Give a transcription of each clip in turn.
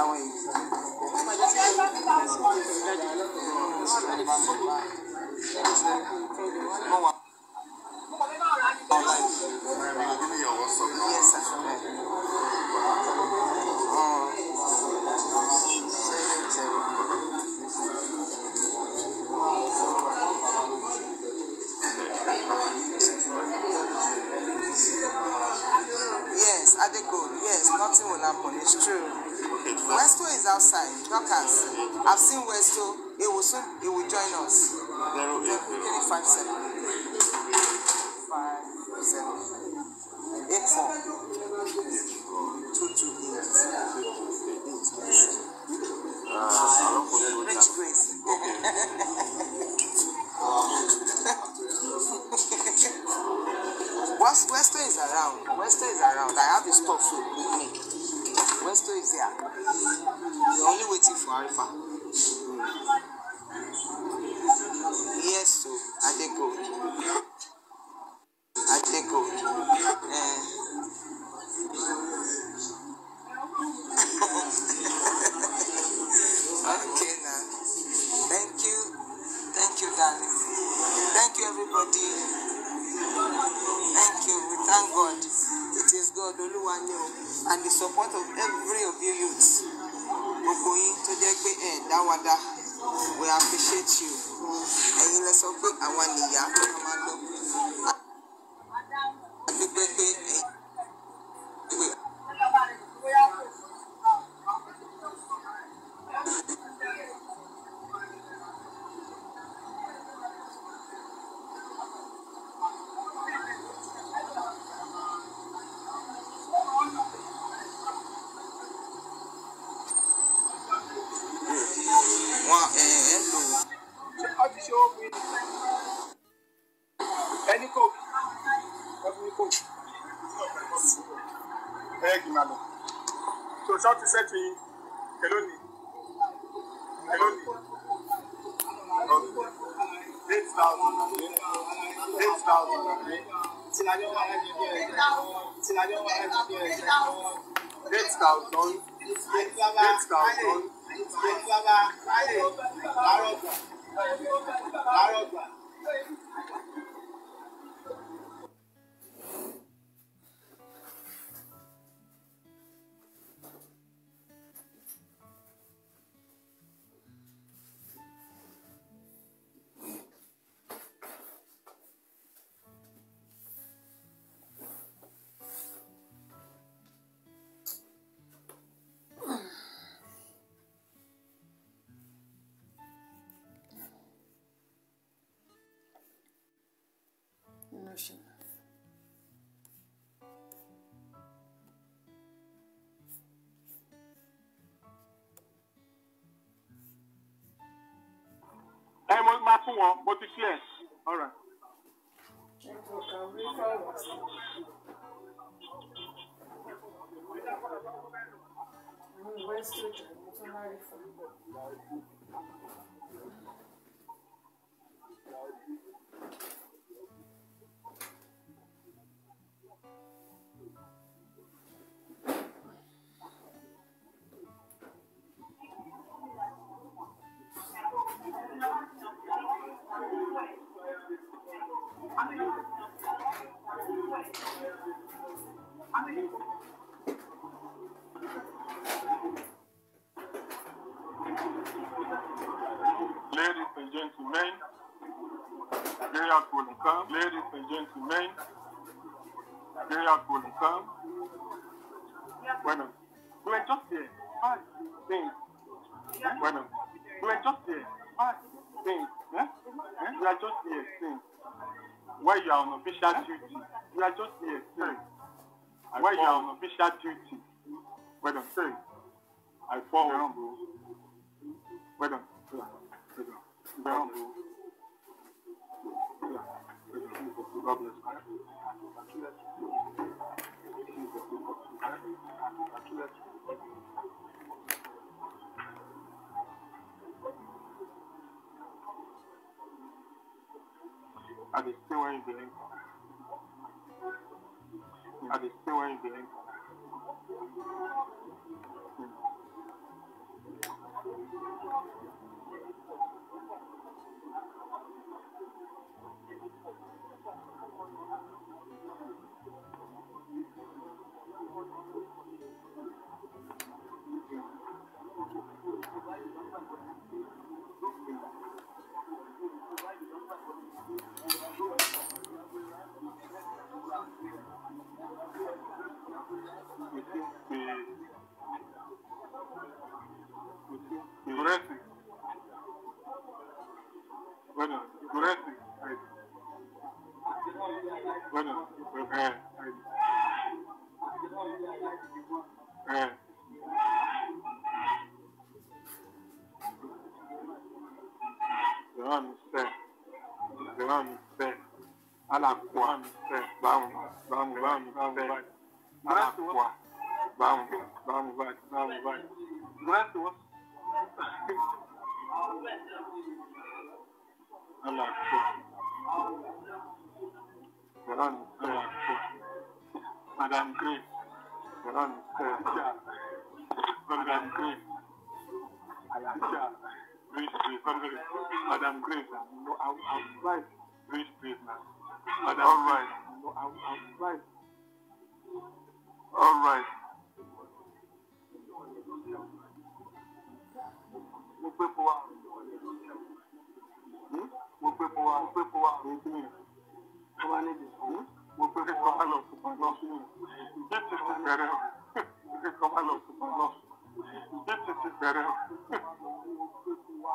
àwọn èèyàn. ló bí ẹni kò bí ẹni kò bí ẹ kì máa lọ. tó ṣọ́ọ̀tì sẹ́tì èló ni èló ni eight thousand eight thousand Àrọ̀gbà. motion. Ẹ mo máa fún wọn, clear. All right. Thank you. area code nìkan. Bueno, plenty there, bad things. Bueno, plenty there, bad things. Eh? Eh? We are just here Things. Where you are on official duty. We are just here Things. Where you are on official duty. Bueno, say. I fall. Well done, bro. Well done. Well done. Well done, Are they still wearing the link? Are they still wearing the Figurati. Bueno, figurati. Bueno, pues, you know, I will advise read praise now. And all right. You know, I will advise. All right. Mo pé fún wa. Mo pé fún wa. Mo pé fún wa. Mo pé fún wa. Mo wá níbi. Mo pé fún wa lọ sí pàlọ́. This is the bẹ̀rẹ̀ o. Mo pé fún wa lọ sí pàlọ́. This is the bẹ̀rẹ̀ o.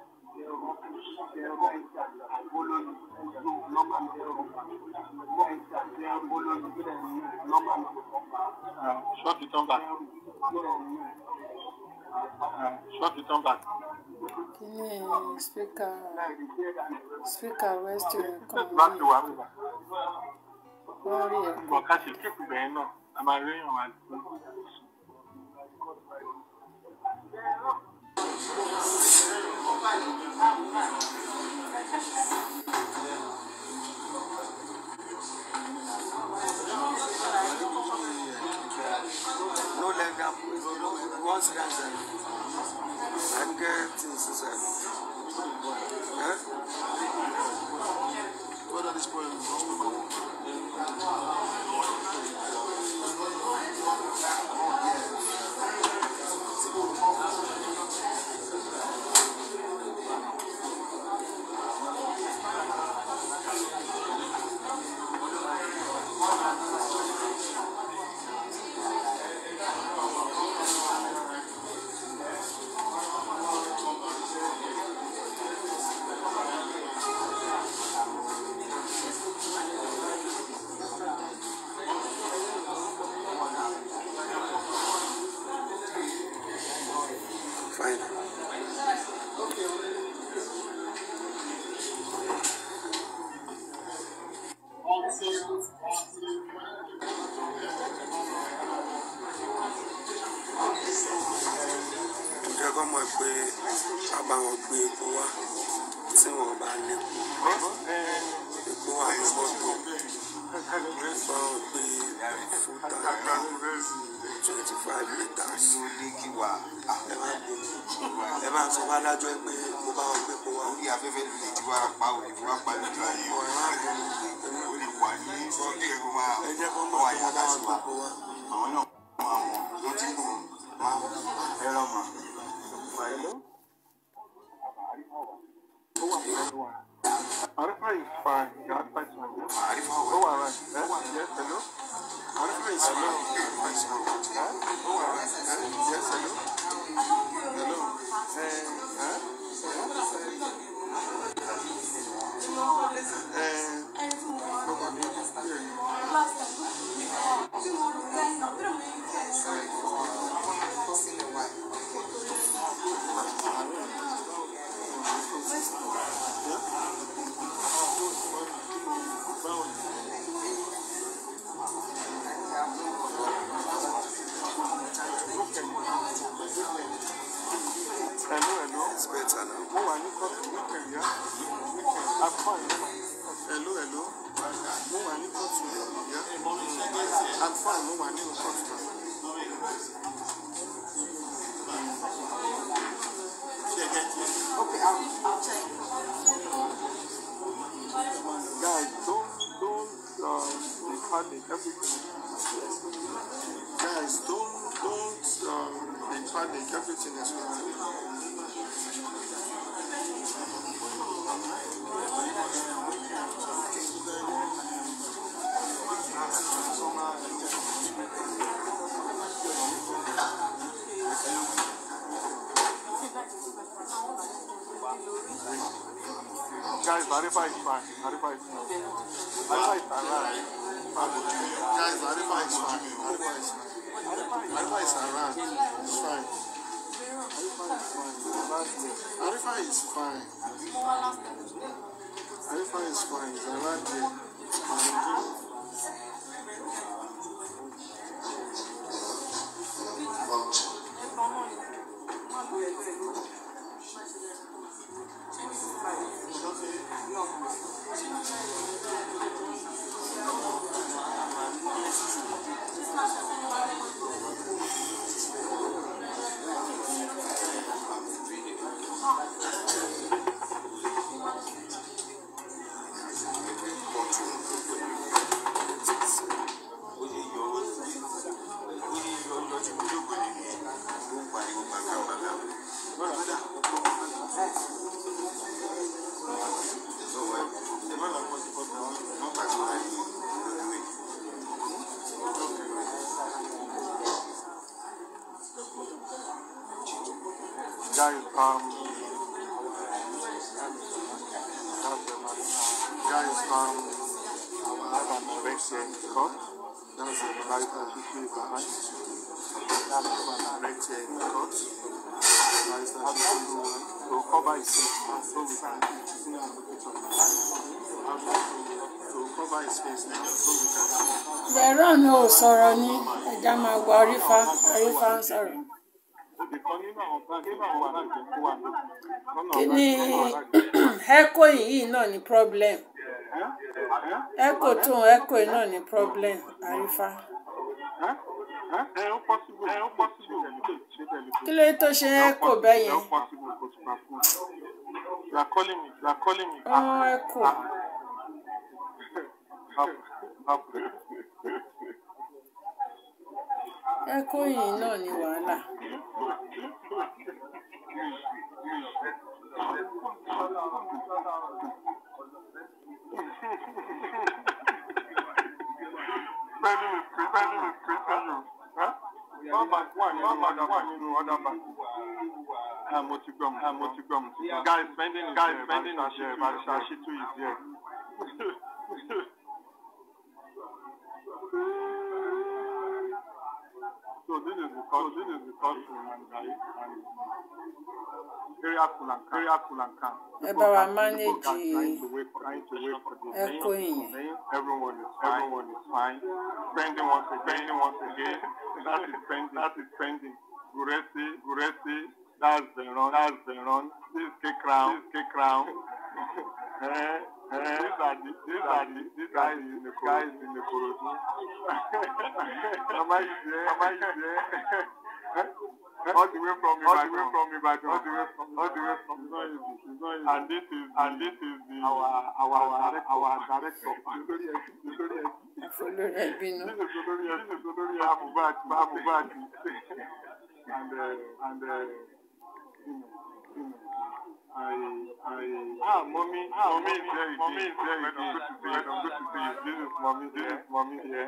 Short return back. Short return back. Kíni speaker speaker west kan ní wọ́n rí ẹ̀. Bọ̀ká ṣe kíkù bẹ́ẹ̀ náà, a máa rí ìrìn Um, What are these problems? kọ́ mọ̀ pé a bá wọn gbé epo wá tí wọn bá lè kú epo wà ní mọ́tò bá wọn gbé fúta twenty five litres ẹ má gbé ẹ má sọ fún adájọ́ pé mo bá wọn gbé epo wá. orí afẹ́fẹ́ lè ti wá pa òní wá pa nípa yìí ẹ má gbé o lè ní sọ́dẹ̀ ẹ̀rọ máa wọ àyàká sí wa àwọn náà mọ àwọn ló ti kù máa ẹ̀rọ mọ̀. Yes, hello. Yes, hello. Hello. make everything expensive. Guys, verify it's fine. Verify it's fine. Verify it's fine. Guys, verify it's fine. Verify it's fine. Verify it's fine. Arifa is fine. Arifa is fine. It's around there. cup. That's the marital history behind. That's the narrated cut. Marital history will cover itself so we can see our picture. Bẹ̀rẹ̀ ọ̀nà ò sọ̀rọ̀ ní ẹ̀dá máa gba orífa orífa ń sọ̀rọ̀. Kí ni echo yìí náà ni problem? echo tó ń echo yìí náà ní problem àrífà. kí ló tó ṣe echo bẹ́ẹ̀ yẹn. ọ̀hún echo. echo yìí náà ní wàhálà. phone ah, number. Ẹ mo ti gbọ́ mo ti ah, gbọ́ mo ti gbọ́. Guy spending So this is because. cost, this is because. cost to Mangai and area Kulankan. Area Kulankan. Ẹ bá wa manage ẹ̀kọ́ Everyone is fine. Everyone is fine. Spending once again. Spending once again. That is spending. That is spending. Gureti, Gureti, that's the run, that's the run. This K crown, K crown. eh, eh, these are the, these are the, these guys in the guys in the Kurosu. Am I there? Am I there? all the way from all the way from Ibadan, all the way from all the way from and this is and this is the our our our director. Olórí ẹbí náà. Olórí ẹbí náà. Olórí ẹbí náà. Bá a mú bá a ti and uh, and uh, I I ah mommy ah mommy is there mommy is there again madam good to see you this is mommy this is mommy here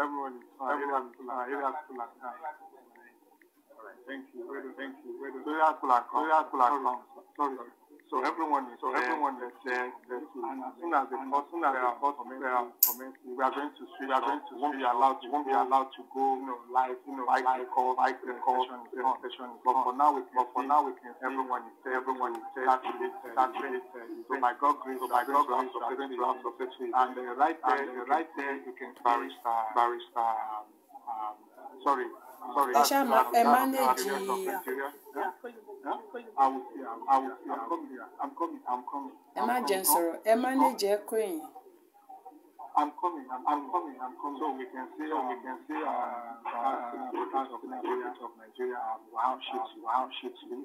everyone is fine everyone is fine it has full and time. Thank you, thank you, thank you. Sorry, I'll pull out. Sorry, I'll pull out. Sorry. So everyone uh, is so there. Everyone is there. there to, and as soon as the person soon as the court commences, uh, we are going to switch. We are going to won't be allowed. To, won't be allowed to go. You know, live. You know, like call, like the call. Uh, session But for now, we can. For now, we can. Everyone is there. Everyone is there. That's it. That's it. So my God, grace. So my God, grace. We are going And right there, right there, you can barrister, barrister. Um, sorry, sorry. Ẹ ṣáà ẹ máa ẹ má jẹ́ n sọ̀rọ̀ ẹ má ní jẹ́ kó I'm coming, I'm, I'm coming, I'm coming. So we can see, um, we can see uh, uh, uh, uh the part of Nigeria, of Nigeria, wow, shit, wow, shit, we,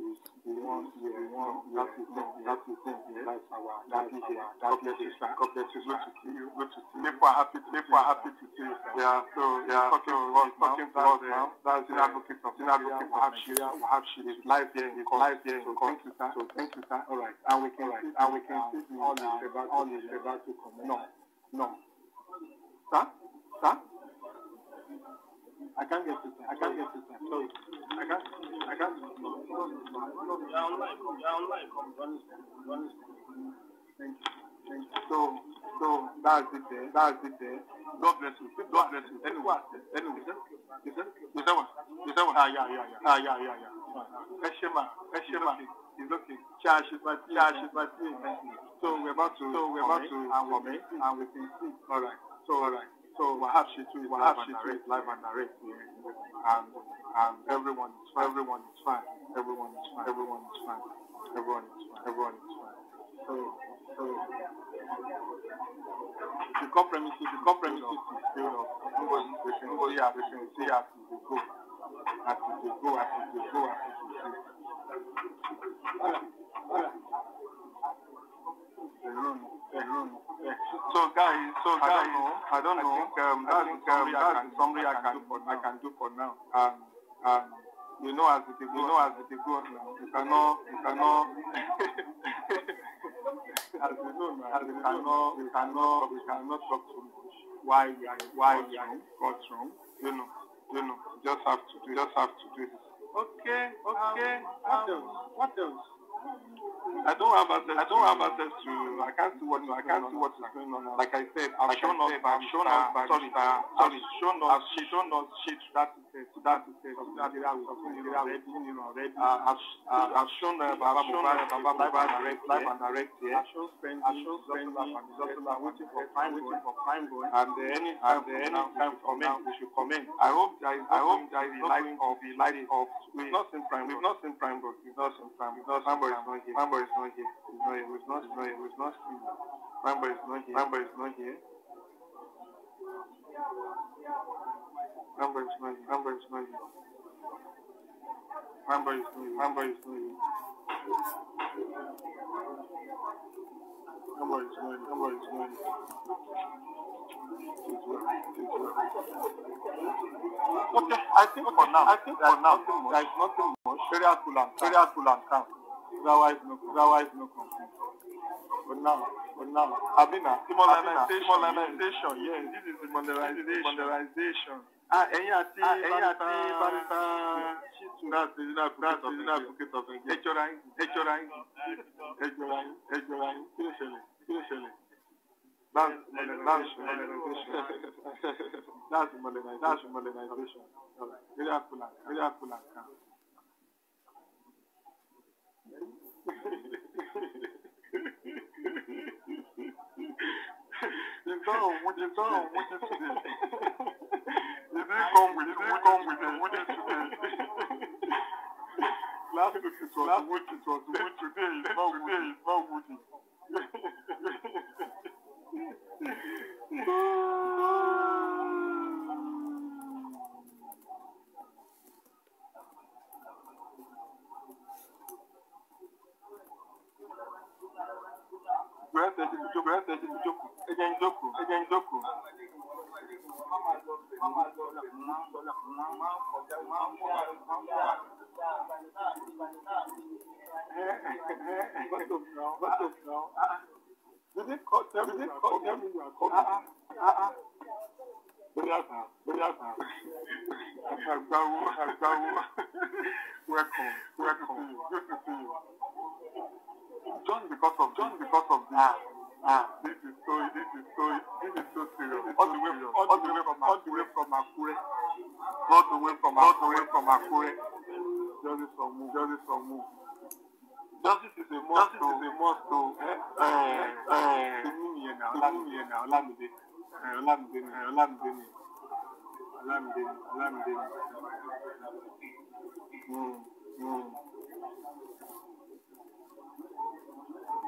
want, we want, that is it, that is it, that's our, that is our, that is our God bless you, good to see you, good to see you. People are happy, people are happy to see you. Yeah, so, yeah, talking to us, talking to us now, that's the advocate of Nigeria, we have shit, we have shit, it's life here, it's life here, so thank you, sir, so thank you, sir, all right, and we can, and we can see all is about to come, no, no. Sir? Sir? I can't get it. I can't get it. Sorry. I can't. I can't. No, no, no. You are online. You are online. Come, run it. Thank you. Thank you. So, so that's it there. That's it there. God bless you. God bless you. Anyway, anyway. You said, you said what? You said what? Ah, yeah, yeah, yeah. Ah, yeah, yeah, yeah. Ẹ ṣe máa, ẹ is okay. Charge is but charge is but So we're about to so we're about to and we can see. All right. So all right. So perhaps she too perhaps she too live and narrate and and everyone is fine. Everyone is fine. Everyone is fine. Everyone is fine. Everyone is fine. Everyone is fine. So so the compromise the compromise is built up. Nobody nobody has to see as they go. As they go, as they go, as they go. So guys, so guys, I don't know. I don't know. I think, um, that's think, um, that's something I can do for I can do for now. And and you know as it you know as it goes now. You cannot you cannot. as you know, as you cannot you cannot you cannot talk too much. Why we are why we are in courtroom? You know you know. Just have to do just have to do this. Okay, okay. Um, what um, else? What else? I don't have access. I don't have access to. I can't see what. I can't see what is going on. Like I said, I've like shown us. I've shown us. Sorry, I've shown us. She shown us shit that that action live and direct waiting for going and any and any time comment we should comment i hope i hope there is light of the light of we not seen prime we not seen prime but we not seen prime we not prime is not here prime is not here we not here we not here not prime is not here prime is not here. Number is moving. Number is moving. Okay, I think for now, I think for now, there is nothing much. Very hard to land. Very hard to land Otherwise, no. Otherwise, no complaint. But now, but now, Abina, demonetization. Demonetization. Yes, this is demonetization. Demonetization. Ah, ẹ̀yin àti ah, barista ṣìtúrasì nínú àbúkẹ́tọ̀ fẹ̀gẹ́ ẹjọ́ra yín ẹjọ́ra yín ẹjọ́ra yín ẹjọ́ra yín kí ló ṣẹlẹ̀ kí ló ṣẹlẹ̀ that's modernization that's modernization very accurate very accurate kan. Thank you. you come with it, come with it today. You didn't come with it, you come with it, with it today. Last week it was Last week it, was with today, it's not with it, it's not with it. Oh. gbẹ́sẹ̀ jẹ́ ìjókòó gbẹ́sẹ̀ jẹ́ ìjókòó ẹ̀jẹ̀ ìjókòó ẹ̀jẹ̀ ìjókòó. Did they call, tell me, call, tell me you are coming? Uh-uh, uh-uh. Bóyáta, bóyáta. Àgbàwo, àgbàwo. Welcome, welcome. Good to see you. Just because of just because of this. Ah, ah. This is so this is so this is so serious. All the way all the way from all the way from Akure. All the way from all the way from Akure. Justice for move. Justice for move. Justice is a must. Justice is oh. a must. To Olumide na Olamide na Olamide eh, eh, Olamide ni Olamide ni Olamide ni Olamide ni. Mm. Mm.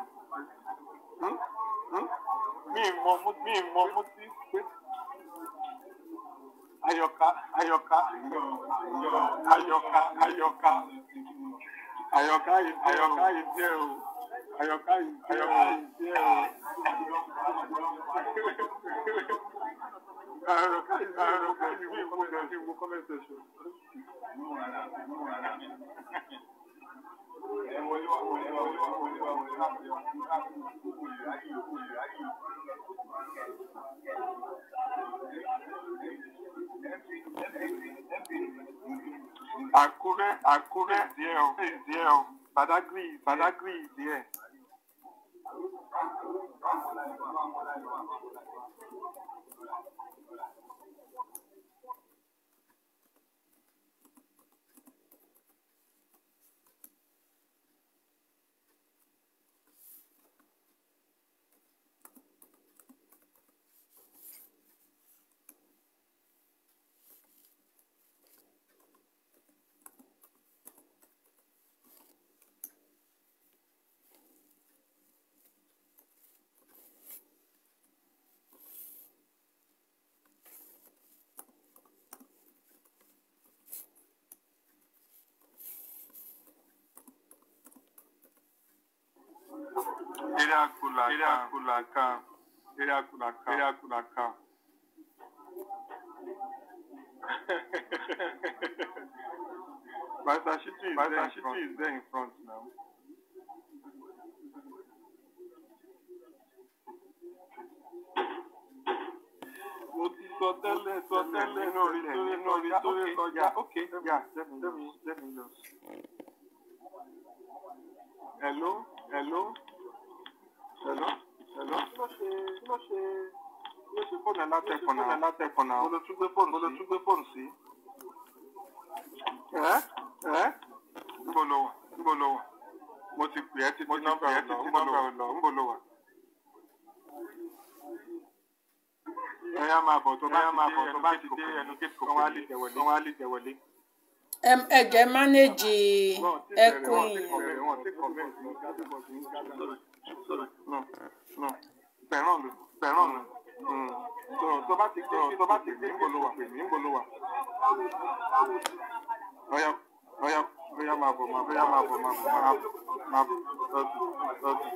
Hmm? Hmm? Hmm? mi mọ mo mi mọ mo ti pé ayọ̀ká ayọ̀ká ayọ̀ká ayọ̀ká ayọ̀ká ayọ̀ká ìdí ẹ̀ o ayọ̀ká ìdí ẹ̀ o ìdí ẹ̀ o ayọ̀ká ìdí ẹ̀ o ìwé ìwé ìwé comment section. Àkúrẹ́ Àkúrẹ́ díẹ̀ o díẹ̀ o Badagry Badagry díẹ̀. Thank you. Irakulakan. Irakulakan. Irakulakan. Irakulakan. Pastor Shitu is, Pastor Shitu is there in front now. Mo ti sọ tẹ́lẹ̀ sọ tẹ́lẹ̀ lórí lórí lórí lórí lọ́jà. Ok, ya, let ok. let me, let me Hello, hello hello hello kí ló ṣe kí ló ṣe kí ló ṣe fóònù alátẹkùn náà alátẹkùn náà mo lọ tún gbé fóònù sí mo lọ tún gbé fóònù sí. ẹ ẹ níbo lo wà níbo lo wà mo ti pè é títí nọ́mbà ẹ títí nọ́mbà ẹ lọ níbo lo wà. ẹ yá máa bọ̀ tó bá máa bọ̀ tó bá ti dé ẹnu gate kòkòrò wọ́n wá lè jẹ̀wẹ̀lé yìí gbẹ̀rán mi gbẹ̀rán mi tó bá ti tó bá ti gbẹ̀mí gbolo wà gbẹ̀mí gbolo wà. ọ̀yà ọ̀yà ọ̀yà máa bọ̀ máa bọ̀ ọ̀yà máa bọ̀ máa bọ̀ máa bọ̀ ọ̀dù ọ̀dù.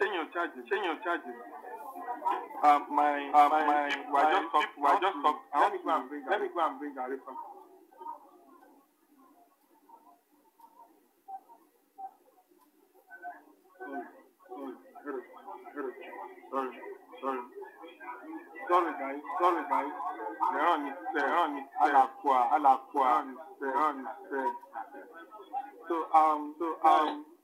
Change your charges. Change your charges. Uh, my, uh, my, my people, are just talk, people, I just talk. Let me go and bring. Let me go and bring Gary from. Sorry, sorry, sorry, guys, sorry, guys. They're on it, they're on it. Alakwa, Alakwa, they're on it, they're. So um, so um.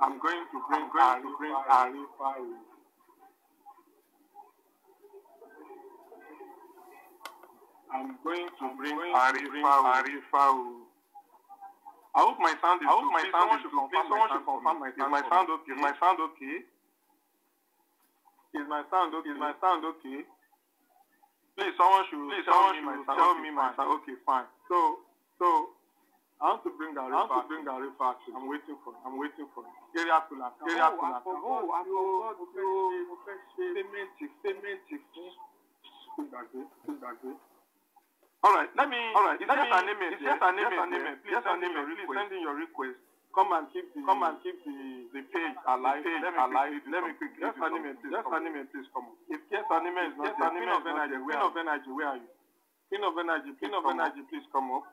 I'm going to bring, going to bring Arifa in. I'm going to bring Arifa Arifa. I hope my sound is. I hope my sound Please, someone should confirm my sound. Is my sound okay? Is my sound okay? Is my sound okay? Is my sound okay? Please, someone should. Please, someone should tell me my sound. Okay, fine. So, so. I want to bring Gary back. I want to bring Gary back. I'm waiting for it. I'm waiting for it. Area to la. Area to Oh, Oh, I forgot Oh, mo fẹ́ ṣe payment payment fún. Ìgbàgbé Ìgbàgbé. All right, let me. All right, let me. Yes, name it. Yes, name it. Please send in your request. Send in your request. Come and keep the. Come and keep the the page alive. The page alive. Let me quickly. Yes, name it. Yes, name it. Please come. If yes, name it is not there. Queen of energy. Queen of energy. Where are you? Queen of energy. Queen of energy. Please come up.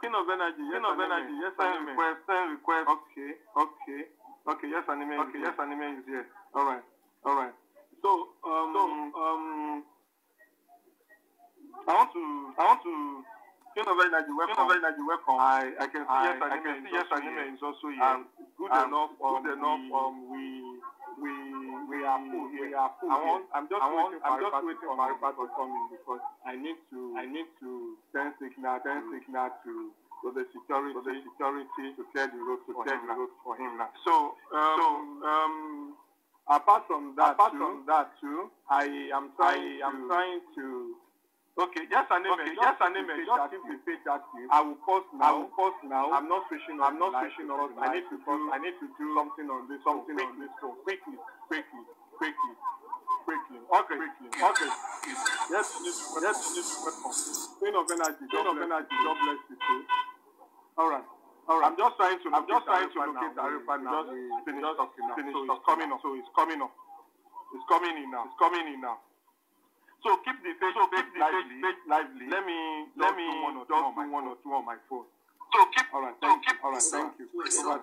King of energy, yes, King of energy, yes, send request, send request. Okay, okay, okay, yes, anime, okay, yes, anime is here. All right, all right. So, um, so, um, I want to, I want to. King of Energy, welcome. King of Energy, welcome. I, I can see I, yes, I can see yes, Anime is also here. Um, good um, enough, um, good enough. Um, we we we are full here. We are full I want, I'm just want, waiting. for just part for Arifa to come in because I need to I need to send signal, send signal to to the security, to the security to clear the road, to clear the road for him now. So um, so um. Apart from that, apart too, from that too, I am trying, I am trying to Okay, just an email. Okay, just an email. Just give pay that thing. I will pause now. I will pause now. I'm not switching. I'm not switching on. I need to do. I need to do something on this. Something on this. So quickly, quickly, quickly, quickly. Okay, quickly. Okay. Yes, yes, yes. Queen of energy. Queen of energy. God bless you. All right. All right. I'm just trying to. I'm just trying to locate Arifa now. Just finish talking now. So it's coming up. So it's coming up. It's coming in now. It's coming in now. So keep the page, so keep the lively. page, page lively. Let me let me do one or two on my phone. So keep, all right, so keep. All right, thank you.